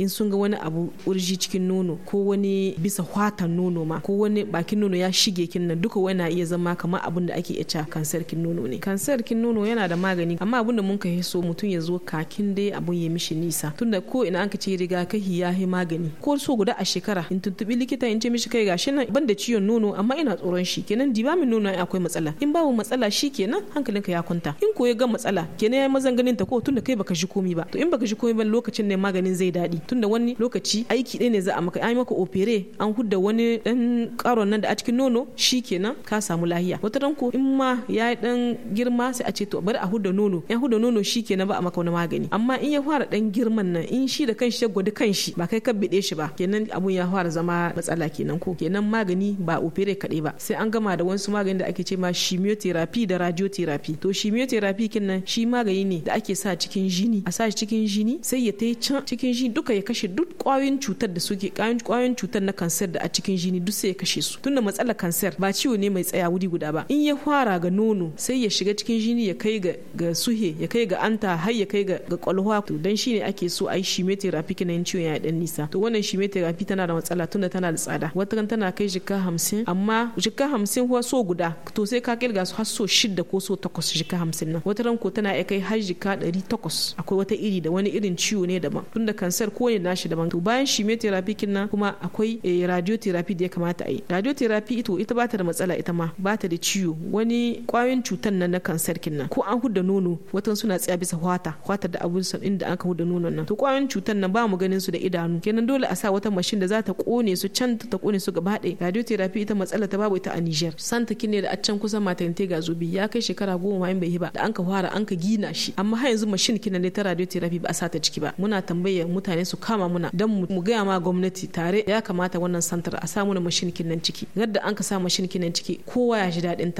in sun ga wani abu urji cikin nono ko wani bisa hwatan nono ma ko wani bakin nono ya shige kin nan duka wani iya zama kamar abin da ake ita kansar kin nono ne kansar kin nono yana da magani amma abin da mun ka so mutum ya zo kakin dai abun ya mishi nisa tunda ko ina an ka ce riga kai ya yi magani ko so guda a shekara in tuntubi likita in ce mishi kai gashi nan ban da ciwon nono amma ina tsoron shi kenan diba min nono akwai matsala in babu matsala shi kenan hankalinka ya kwanta in ko ya ga matsala kenan ya mazan ganin ta ko tunda kai baka ji komi ba to in baka ji komi ba lokacin ne maganin zai daɗi tunda wani lokaci aiki ɗaya ne za a maka ai maka opere an hudda wani ɗan karon nan da a cikin nono shi kenan ka samu lahiya wata ran ko in ma ya yi ɗan girma sai a ce to bari a hudda nono ya hudda nono shi kenan ba a maka wani magani amma in ya fara ɗan girman nan in shi da kanshi ya gwada kanshi ba kai ka biɗe shi ba kenan abun ya fara zama matsala kenan ko kenan magani ba opere kaɗai ba sai an gama da wasu magani da ake ce ma chemotherapy da radiotherapy to chemotherapy kenan shi magani ne da ake sa cikin jini a sa cikin jini sai ya tai can cikin jini duka ya kashe duk kwayoyin cutar da suke kwayoyin cutar na kansar da a cikin jini duk sai ya kashe su tunda matsalar kansar ba ciwo ne mai tsaya wuri guda ba in ya fara ga nono sai ya shiga cikin jini ya kai ga, suhe ya kai ga anta har ya kai ga, ga kwalwa to dan shine ake so a yi chemotherapy kenan ciwon ya dan nisa to wannan chemotherapy tana da matsala tunda tana da tsada wata tana kai jika hamsin amma jika hamsin kuwa so guda to sai ka kirga su har so shida ko so takwas jika hamsin nan wata ko tana kai har jika ɗari takwas akwai wata iri da wani irin ciwo ne daban tunda kansar kowane nashi daban to bayan chemotherapy terapi kinna kuma akwai eh, radiotherapy da ya kamata a yi radiotherapy ito ita bata da matsala ita ma bata da ciwo wani kwayoyin cutan nan na kansar kin ko an huda nono watan suna tsaya bisa hwata hwata da abun san inda an ka huda nonon nan to kwayoyin cutan nan ba mu ganin su da idanu kenan dole a sa wata mashin da za ta kone su can ta kone su gaba ɗaya radiotherapy ita matsala ta babu ita a Niger santa kinne da a can kusan matante ga zubi ya kai shekara goma in bai yi ba da an ka fara an ka gina shi amma har yanzu mashin kin ne ta radiotherapy ba a sa ta ciki ba muna tambayar mutane su kama muna don mu gaya ma gwamnati tare ya kamata wannan santar a samu na mashin nan ciki yadda an ka sa mashin nan ciki kowa ya ji daɗin ta